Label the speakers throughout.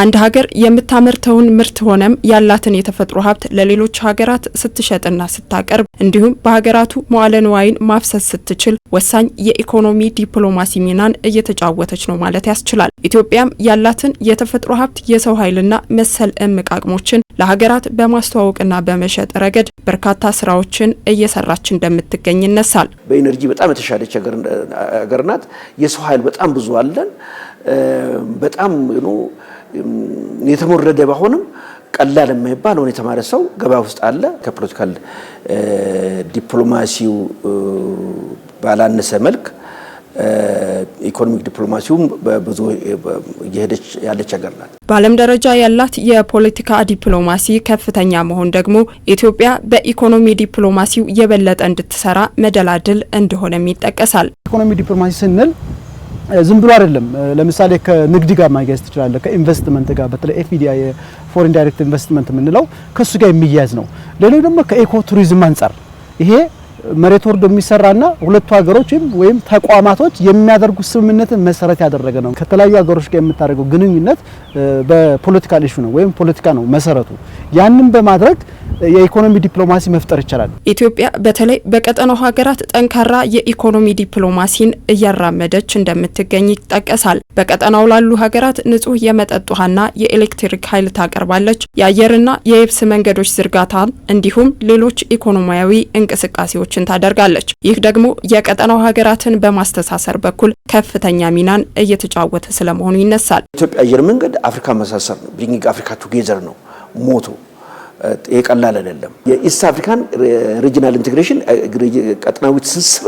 Speaker 1: አንድ ሀገር የምታመርተውን ምርት ሆነም ያላትን የተፈጥሮ ሀብት ለሌሎች ሀገራት ስትሸጥና ስታቀርብ እንዲሁም በሀገራቱ መዋለ ንዋይን ማፍሰስ ስትችል ወሳኝ የኢኮኖሚ ዲፕሎማሲ ሚናን እየተጫወተች ነው ማለት ያስችላል። ኢትዮጵያም ያላትን የተፈጥሮ ሀብት፣ የሰው ኃይልና መሰል እምቅ አቅሞችን ለሀገራት በማስተዋወቅና በመሸጥ ረገድ በርካታ ስራዎችን እየሰራች እንደምትገኝ ይነሳል።
Speaker 2: በኢነርጂ በጣም የተሻለች ሀገር ናት። የሰው ኃይል በጣም ብዙ አለን። በጣም የተሞረደ ባሆንም ቀላል የማይባል ሆነ የተማረ ሰው ገባ ውስጥ አለ። ከፖለቲካል ዲፕሎማሲው ባላነሰ መልክ ኢኮኖሚክ ዲፕሎማሲውም ብዙ እየሄደች ያለች ሀገር ናት።
Speaker 1: በዓለም ደረጃ ያላት የፖለቲካ ዲፕሎማሲ ከፍተኛ መሆን ደግሞ ኢትዮጵያ በኢኮኖሚ ዲፕሎማሲው የበለጠ እንድትሰራ መደላድል እንደሆነም ይጠቀሳል።
Speaker 3: ኢኮኖሚ ዲፕሎማሲ ስንል ዝም ብሎ አይደለም። ለምሳሌ ከንግድ ጋር ማያያዝ ትችላለህ። ከኢንቨስትመንት ጋር በተለይ ኤፍዲአይ ፎሪን ዳይሬክት ኢንቨስትመንት የምንለው ከሱ ጋር የሚያያዝ ነው። ሌላው ደግሞ ከኢኮ ቱሪዝም አንጻር ይሄ መሬት ወርዶ የሚሰራና ሁለቱ ሀገሮች ወይም ተቋማቶች የሚያደርጉት ስምምነትን መሰረት ያደረገ ነው። ከተለያዩ ሀገሮች ጋር የምታደርገው ግንኙነት በፖለቲካል ኢሹ ነው ወይም ፖለቲካ ነው መሰረቱ። ያንን በማድረግ የኢኮኖሚ ዲፕሎማሲ መፍጠር ይቻላል።
Speaker 1: ኢትዮጵያ በተለይ በቀጠናው ሀገራት ጠንካራ የኢኮኖሚ ዲፕሎማሲን እያራመደች እንደምትገኝ ይጠቀሳል። በቀጠናው ላሉ ሀገራት ንጹህ የመጠጥ ውሃና የኤሌክትሪክ ኃይል ታቀርባለች። የአየርና የየብስ መንገዶች ዝርጋታን እንዲሁም ሌሎች ኢኮኖሚያዊ እንቅስቃሴዎች ጥረቶችን ታደርጋለች። ይህ ደግሞ የቀጠናው ሀገራትን በማስተሳሰር በኩል ከፍተኛ ሚናን እየተጫወተ ስለመሆኑ ይነሳል።
Speaker 2: ኢትዮጵያ አየር መንገድ አፍሪካ መሳሰር ነው። ብሪንግ አፍሪካ ቱጌዘር ነው ሞቶ የቀላል አይደለም። የኢስት አፍሪካን ሪጂናል ኢንቴግሬሽን ቀጠናዊ ትስስር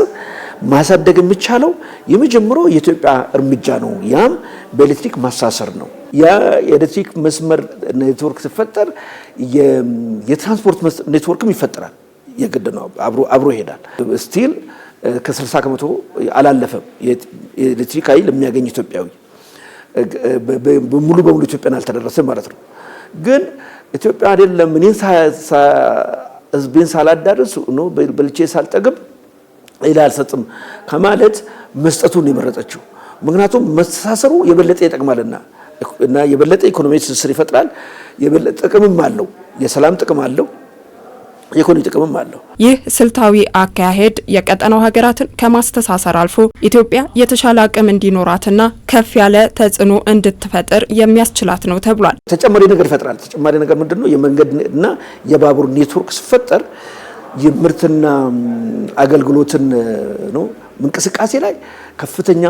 Speaker 2: ማሳደግ የሚቻለው የመጀመሪያው የኢትዮጵያ እርምጃ ነው። ያም በኤሌክትሪክ ማሳሰር ነው። ያ የኤሌክትሪክ መስመር ኔትወርክ ሲፈጠር የትራንስፖርት ኔትወርክም ይፈጠራል። የግድ ነው። አብሮ አብሮ ይሄዳል። ስቲል ከ60 ከመቶ አላለፈም የኤሌክትሪክ ኃይል የሚያገኝ ኢትዮጵያዊ። ሙሉ በሙሉ ኢትዮጵያን አልተደረሰም ማለት ነው። ግን ኢትዮጵያ አይደለም እኔን ህዝቤን ሳላዳርስ በልቼ ሳልጠግብ ሌላ አልሰጥም ከማለት መስጠቱን የመረጠችው ምክንያቱም መተሳሰሩ የበለጠ ይጠቅማልና እና የበለጠ ኢኮኖሚ ትስስር ይፈጥራል። የበለጠ ጥቅምም አለው። የሰላም ጥቅም አለው። የኢኮኖሚ ጥቅምም አለው።
Speaker 1: ይህ ስልታዊ አካሄድ የቀጠናው ሀገራትን ከማስተሳሰር አልፎ ኢትዮጵያ የተሻለ አቅም እንዲኖራትና ከፍ ያለ ተጽዕኖ እንድትፈጥር የሚያስችላት ነው ተብሏል።
Speaker 2: ተጨማሪ ነገር ይፈጥራል። ተጨማሪ ነገር ምንድን ነው? የመንገድ እና የባቡር ኔትወርክ ሲፈጠር የምርትና አገልግሎትን ነው እንቅስቃሴ ላይ ከፍተኛ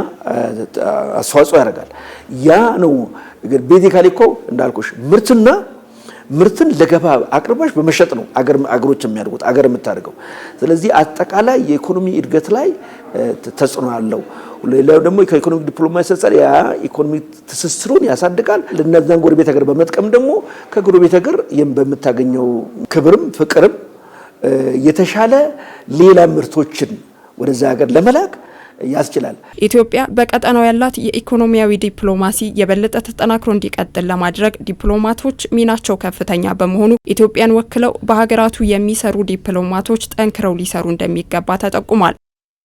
Speaker 2: አስተዋጽኦ ያደርጋል። ያ ነው ቤዚካሊ እኮ እንዳልኩሽ ምርትና ምርትን ለገባ አቅርበሽ በመሸጥ ነው አገር አገሮች የሚያድጉት አገር የምታደርገው። ስለዚህ አጠቃላይ የኢኮኖሚ እድገት ላይ ተጽዕኖ አለው። ሌላው ደግሞ ከኢኮኖሚ ዲፕሎማሲ ሰጸር ያ ኢኮኖሚ ትስስሩን ያሳድጋል። ለእነዚያን ጎረቤት ሀገር በመጥቀም ደግሞ ከጎረቤት ሀገር በምታገኘው ክብርም ፍቅርም የተሻለ ሌላ ምርቶችን ወደዛ ሀገር ለመላክ ያስችላል።
Speaker 1: ኢትዮጵያ በቀጠናው ያላት የኢኮኖሚያዊ ዲፕሎማሲ የበለጠ ተጠናክሮ እንዲቀጥል ለማድረግ ዲፕሎማቶች ሚናቸው ከፍተኛ በመሆኑ ኢትዮጵያን ወክለው በሀገራቱ የሚሰሩ ዲፕሎማቶች ጠንክረው ሊሰሩ እንደሚገባ ተጠቁሟል።